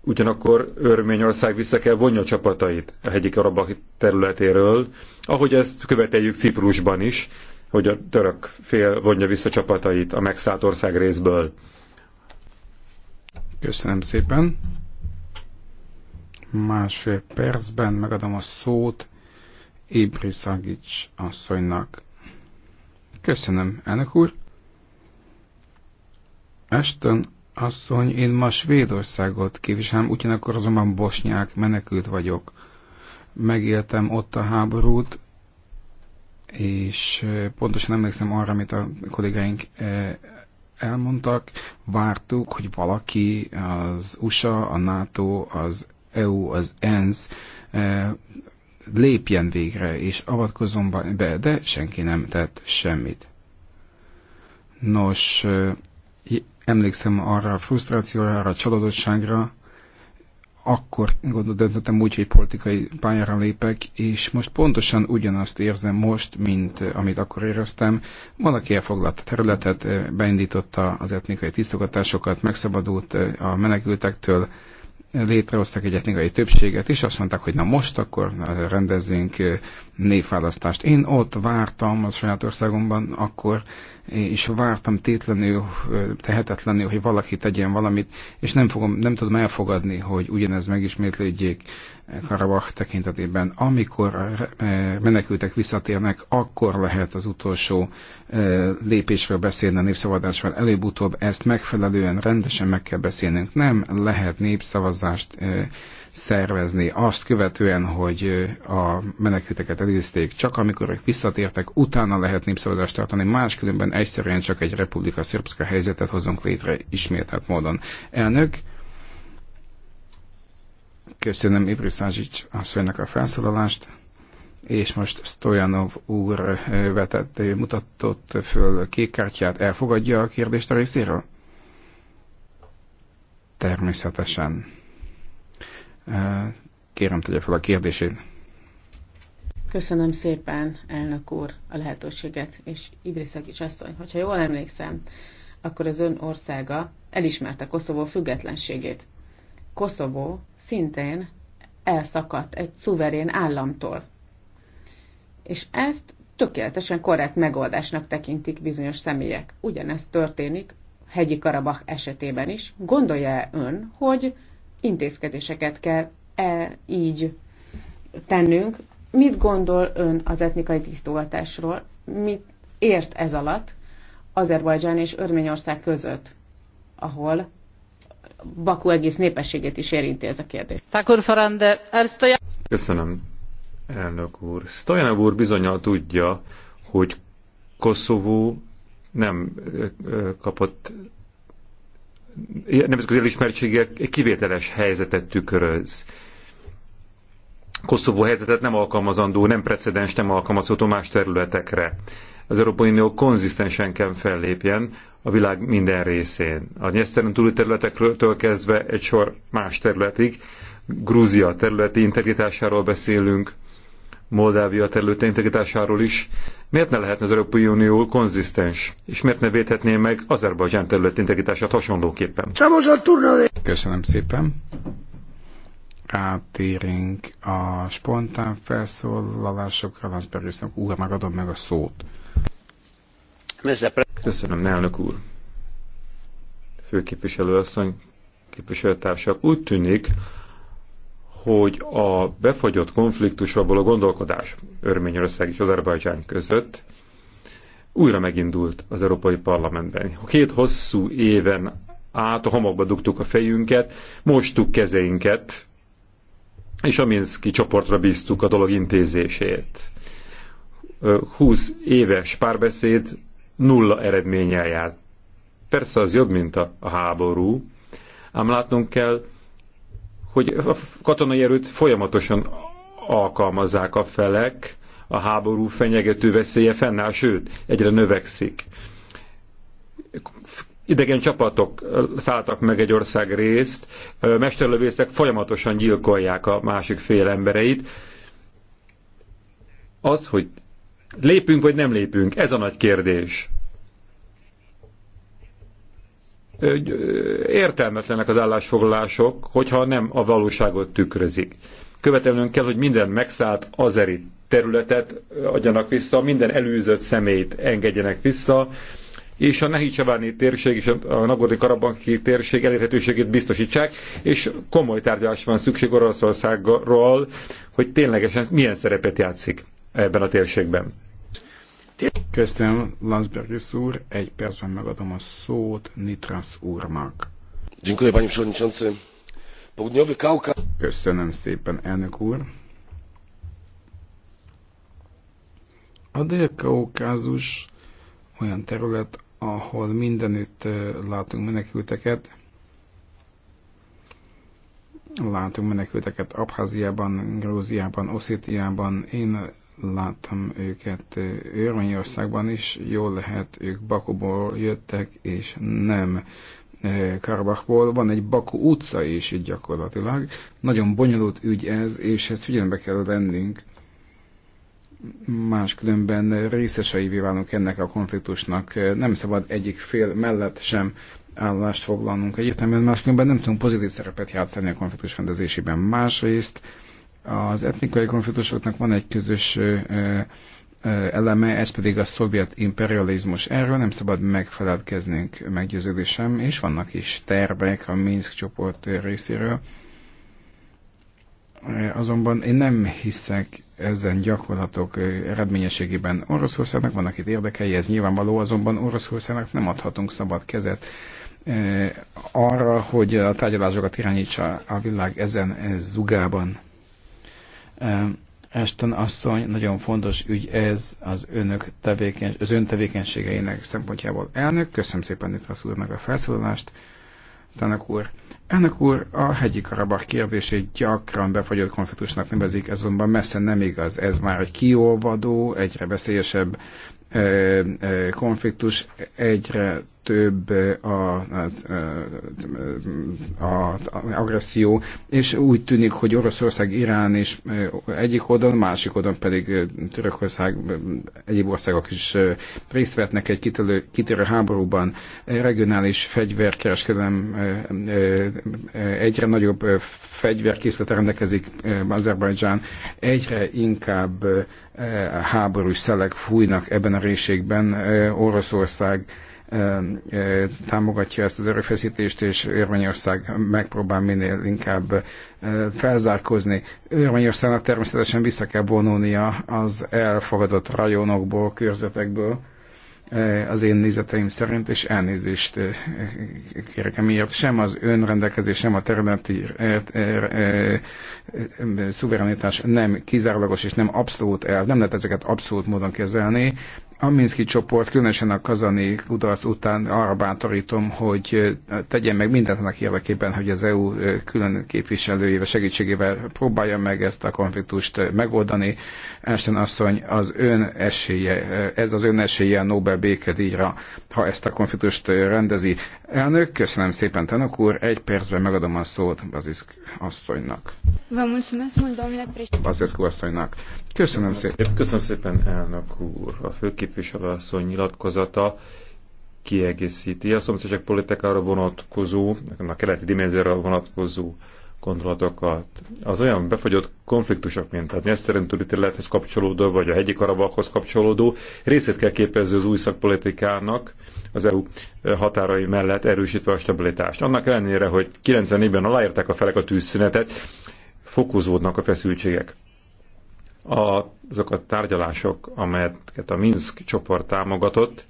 Ugyanakkor Örményország vissza kell vonja csapatait a hegyi Karabak területéről, ahogy ezt követeljük Ciprusban is, hogy a török fél vonja vissza csapatait a megszállt ország részből. Köszönöm szépen. Másfél percben megadom a szót Ibri Szagics asszonynak. Köszönöm, elnök úr. Ashton asszony, én ma Svédországot képviselem, ugyanakkor azonban bosnyák, menekült vagyok. Megéltem ott a háborút, és pontosan emlékszem arra, amit a kollégáink elmondtak. Vártuk, hogy valaki az USA, a NATO, az EU, az ENSZ lépjen végre, és avatkozzon be, de senki nem tett semmit. Nos, emlékszem arra a frusztrációra, arra a csalódottságra, akkor döntöttem úgy, hogy politikai pályára lépek, és most pontosan ugyanazt érzem most, mint amit akkor éreztem. Van, aki elfoglalt a területet, eh, beindította az etnikai tisztogatásokat, megszabadult eh, a menekültektől, létrehoztak egy etnikai többséget, és azt mondták, hogy na most akkor eh, rendezzünk névválasztást. Én ott vártam a saját országomban, akkor és vártam tétlenül, tehetetlenül, hogy valaki tegyen valamit, és nem, fogom, nem tudom elfogadni, hogy ugyanez megismétlődjék Karabach tekintetében. Amikor a menekültek visszatérnek, akkor lehet az utolsó lépésről beszélni a népszavazásról. Előbb-utóbb ezt megfelelően rendesen meg kell beszélnünk. Nem lehet népszavazást szervezni azt követően, hogy a menekülteket elűzték, csak amikor ők visszatértek, utána lehet népszavazást tartani, máskülönben egyszerűen csak egy Republika szörpszka helyzetet hozunk létre ismételt módon. Elnök, köszönöm Ibris Százsics asszonynak a felszólalást és most Stojanov úr vetett, mutatott föl kék kártyát. Elfogadja a kérdést a részéről? Természetesen. Eh, kérem, tegye fel a kérdését. Köszönöm szépen, elnök úr, a lehetőséget, és is asszony, hogyha jól emlékszem, akkor az ön országa elismerte Koszovó függetlenségét. Koszovó szintén elszakadt egy szuverén államtól. És ezt tökéletesen korrekt megoldásnak tekintik bizonyos személyek. Ugyanezt történik Hegyi Karabach esetében is. Gondolja -e ön, hogy intézkedéseket kell e így tennünk. Mit gondol ön az etnikai tisztogatásról? Mit ért ez alatt Azerbajdzsán és Örményország között, ahol Baku egész népességét is érinti ez a kérdés? Köszönöm, elnök úr. Stojanov úr bizonyal tudja, hogy Koszovó nem kapott nemzetközi egy kivételes helyzetet tükröz. Koszovó helyzetet nem alkalmazandó, nem precedens, nem alkalmazható más területekre. Az Európai Unió konzisztensen kell fellépjen a világ minden részén. A nyeszteren túli területekről kezdve egy sor más területig, Grúzia területi integritásáról beszélünk, Moldávia területe integritásáról is, miért ne lehetne az Európai Unió konzisztens, és miért ne védhetné meg Azerbajdzsán terület integritását hasonlóképpen? Köszönöm szépen. Átérünk a spontán felszólalásokra, Lansbergisnek úr, megadom meg a szót. Köszönöm, elnök úr. Főképviselő asszony, képviselőtársak, úgy tűnik, hogy a befagyott konfliktusra a gondolkodás Örményország és Azerbajdzsán között újra megindult az Európai Parlamentben. Két hosszú éven át a homokba dugtuk a fejünket, mostuk kezeinket, és a Minszki csoportra bíztuk a dolog intézését. 20 éves párbeszéd nulla eredménnyel járt. Persze az jobb, mint a, a háború, ám látnunk kell, hogy a katonai erőt folyamatosan alkalmazzák a felek, a háború fenyegető veszélye fennáll, sőt, egyre növekszik. Idegen csapatok szálltak meg egy ország részt, mesterlövészek folyamatosan gyilkolják a másik fél embereit. Az, hogy lépünk vagy nem lépünk, ez a nagy kérdés értelmetlenek az állásfoglalások, hogyha nem a valóságot tükrözik. Követelnünk kell, hogy minden megszállt azeri területet adjanak vissza, minden előzött személyt engedjenek vissza, és a Nehicseváni térség és a nagordi karabanki térség elérhetőségét biztosítsák, és komoly tárgyalás van szükség Oroszországról, hogy ténylegesen milyen szerepet játszik ebben a térségben. Köszönöm, Landsbergis úr. Egy percben megadom a szót Nitras úrnak. Dziękuję, panie przewodniczący. Południowy Kauka... Köszönöm szépen, elnök úr. A Dél-Kaukázus olyan terület, ahol mindenütt látunk menekülteket, látunk menekülteket Abháziában, Grúziában, Oszétiában. Én láttam őket Örményországban is, jól lehet, ők Bakuból jöttek, és nem Karabachból. Van egy Baku utca is itt gyakorlatilag. Nagyon bonyolult ügy ez, és ezt figyelembe kell vennünk. Máskülönben részeseivé válunk ennek a konfliktusnak. Nem szabad egyik fél mellett sem állást foglalnunk egyetemben, máskülönben nem tudunk pozitív szerepet játszani a konfliktus rendezésében. Másrészt az etnikai konfliktusoknak van egy közös eleme, ez pedig a szovjet imperializmus. Erről nem szabad megfeledkeznünk meggyőződésem, és vannak is tervek a Minsk csoport részéről. Azonban én nem hiszek ezen gyakorlatok eredményességében Oroszországnak, vannak itt érdekei, ez nyilvánvaló, azonban Oroszországnak nem adhatunk szabad kezet arra, hogy a tárgyalásokat irányítsa a világ ezen zugában. Eston asszony, nagyon fontos ügy ez az önök tevékeny, az ön tevékenységeinek szempontjából. Elnök, köszönöm szépen itt úrnak a felszólalást. Tanak úr, elnök úr, a hegyi karabak kérdését gyakran befagyott konfliktusnak nevezik, azonban messze nem igaz. Ez már egy kiolvadó, egyre veszélyesebb eh, eh, konfliktus, egyre több a, a, a, agresszió, és úgy tűnik, hogy Oroszország, Irán is egyik oldalon, másik oldalon pedig Törökország, egyéb országok is részt vetnek egy kitörő, kitörő háborúban. Regionális fegyverkereskedelem egyre nagyobb fegyverkészlete rendelkezik Azerbajdzsán, egyre inkább háborús szelek fújnak ebben a részségben Oroszország támogatja ezt az erőfeszítést, és Örményország megpróbál minél inkább felzárkózni. Örményországnak természetesen vissza kell vonulnia az elfogadott rajonokból, körzetekből, az én nézeteim szerint, és elnézést kérek emiatt. Sem az önrendelkezés, sem a területi e, e, e, szuverenitás nem kizárólagos és nem abszolút el. Nem lehet ezeket abszolút módon kezelni. A Minszki csoport, különösen a kazani kudarc után arra bátorítom, hogy tegyen meg mindent annak érdekében, hogy az EU külön képviselőjével segítségével próbálja meg ezt a konfliktust megoldani. Ashton asszony, az ön esélye, ez az ön esélye a Nobel békedíjra, ha ezt a konfliktust rendezi. Elnök, köszönöm szépen, tanok úr, egy percben megadom a szót Bazisk asszonynak. Bazisk asszonynak. Köszönöm, köszönöm szépen. Köszönöm szépen, elnök úr. A főképviselő asszony nyilatkozata kiegészíti a szomszédság politikára vonatkozó, a keleti dimenzióra vonatkozó gondolatokat. Az olyan befagyott konfliktusok, mint a Nyeszteren területhez kapcsolódó, vagy a hegyi Karabakhoz kapcsolódó, részét kell képezni az új szakpolitikának az EU eh, határai mellett erősítve a stabilitást. Annak ellenére, hogy 94-ben aláírták a felek a tűzszünetet, fokozódnak a feszültségek. A, azok a tárgyalások, amelyeket a Minsk csoport támogatott,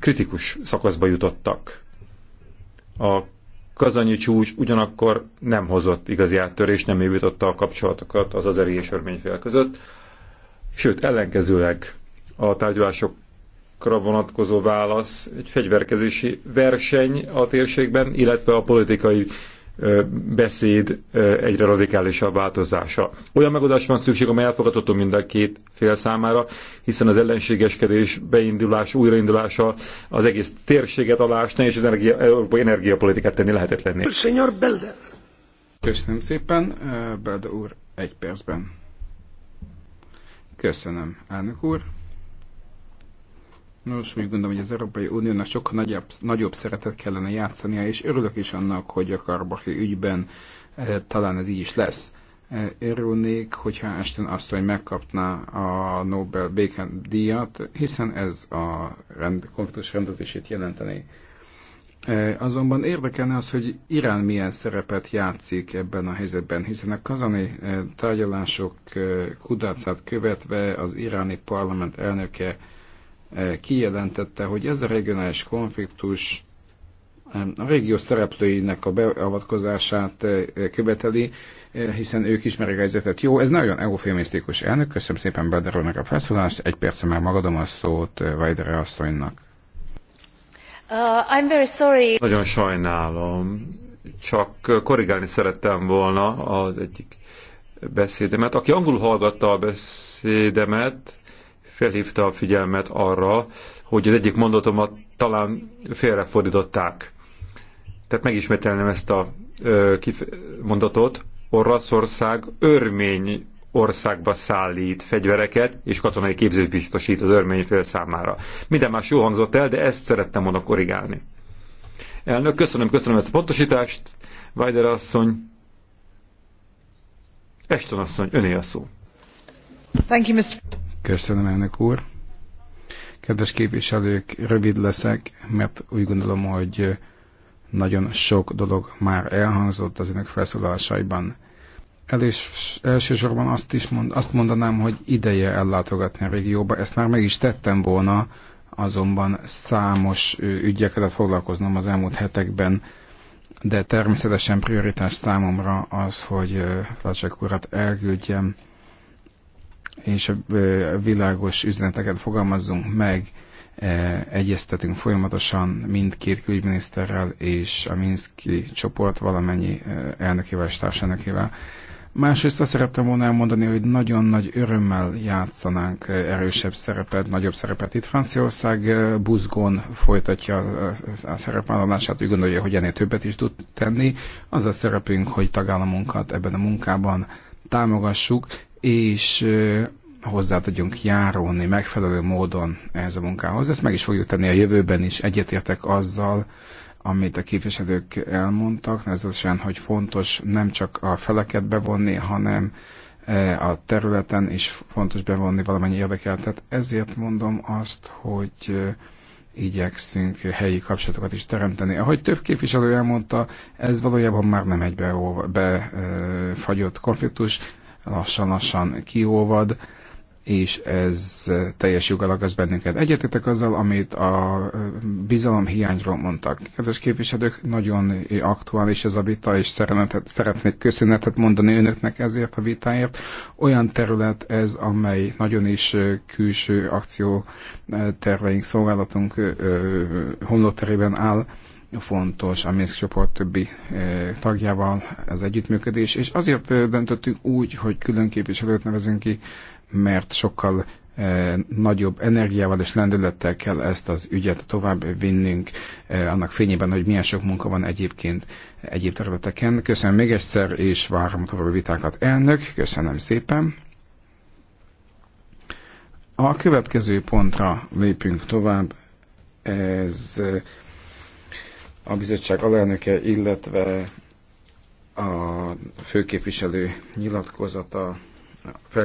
kritikus szakaszba jutottak. A kazanyi csúcs ugyanakkor nem hozott igazi áttörést, nem javította a kapcsolatokat az azeri és örményfél között, sőt ellenkezőleg a tárgyalások vonatkozó válasz, egy fegyverkezési verseny a térségben, illetve a politikai beszéd egyre radikálisabb változása. Olyan megoldás van szükség, amely elfogadható mind a két fél számára, hiszen az ellenségeskedés beindulás, újraindulása az egész térséget alásna, és az energia, európai energiapolitikát tenni lehetetlenné. Senyor Belder! Köszönöm szépen, Belder úr, egy percben. Köszönöm, elnök úr. Nos, úgy gondolom, hogy az Európai Uniónak sokkal nagyobb, nagyobb szeretet kellene játszania, és örülök is annak, hogy a Karbaki ügyben e, talán ez így is lesz. E, örülnék, hogyha Ashton asszony megkapná a Nobel béken díjat, hiszen ez a rend, konfliktus rendezését jelenteni. E, azonban érdekelne az, hogy Irán milyen szerepet játszik ebben a helyzetben, hiszen a kazani tárgyalások kudarcát követve az iráni parlament elnöke Eh, kijelentette, hogy ez a regionális konfliktus eh, a régió szereplőinek a beavatkozását eh, követeli, hiszen ők ismerik a helyzetet. Jó, ez nagyon eufémisztikus elnök. Köszönöm szépen Bederónak a felszólást. Egy percre már magadom a szót Vajdere asszonynak. Uh, I'm very sorry. Nagyon sajnálom. Csak korrigálni szerettem volna az egyik beszédemet. Aki angolul hallgatta a beszédemet, felhívta a figyelmet arra, hogy az egyik mondatomat talán félrefordították. Tehát megismételnem ezt a ö, mondatot. Oroszország örmény országba szállít fegyvereket, és katonai képzést biztosít az örmény fél számára. Minden más jó hangzott el, de ezt szerettem volna korrigálni. Elnök, köszönöm, köszönöm ezt a pontosítást. Vajder asszony, Eston asszony, öné a szó. Thank you, Mr. Köszönöm, elnök úr. Kedves képviselők, rövid leszek, mert úgy gondolom, hogy nagyon sok dolog már elhangzott az önök felszólalásaiban. Elés, elsősorban azt is mond, azt mondanám, hogy ideje ellátogatni a régióba. Ezt már meg is tettem volna, azonban számos ügyeket foglalkoznom az elmúlt hetekben, de természetesen prioritás számomra az, hogy Flacsek urat elküldjem és a világos üzeneteket fogalmazzunk meg, egyeztetünk folyamatosan mindkét külügyminiszterrel és a Minszki csoport valamennyi elnökével és társelnökével. Másrészt azt szerettem volna elmondani, hogy nagyon nagy örömmel játszanánk erősebb szerepet, nagyobb szerepet itt. Franciaország buzgón folytatja a szerepvállalását, úgy gondolja, hogy ennél többet is tud tenni. Az a szerepünk, hogy tagállamunkat ebben a munkában támogassuk, és hozzá tudjunk járulni megfelelő módon ehhez a munkához. Ezt meg is fogjuk tenni a jövőben is. Egyetértek azzal, amit a képviselők elmondtak, nevezetesen, hogy fontos nem csak a feleket bevonni, hanem a területen is fontos bevonni valamennyi érdekeltet. Ezért mondom azt, hogy igyekszünk helyi kapcsolatokat is teremteni. Ahogy több képviselő elmondta, ez valójában már nem egy befagyott konfliktus, lassan-lassan kiolvad, és ez teljes joggal az bennünket. Egyetetek azzal, amit a bizalom hiányról mondtak. Kedves képviselők, nagyon aktuális ez a vita, és szeretnék köszönetet mondani önöknek ezért a vitáért. Olyan terület ez, amely nagyon is külső akció terveink, szolgálatunk homlokterében áll, fontos a Minsk csoport többi eh, tagjával az együttműködés, és azért eh, döntöttünk úgy, hogy külön képviselőt nevezünk ki, mert sokkal eh, nagyobb energiával és lendülettel kell ezt az ügyet tovább vinnünk, annak fényében, hogy milyen sok munka van egyébként egyéb területeken. Köszönöm még egyszer, és várom további vitákat. Elnök, köszönöm szépen. A következő pontra lépünk tovább. Ez a bizottság alelnöke, illetve a főképviselő nyilatkozata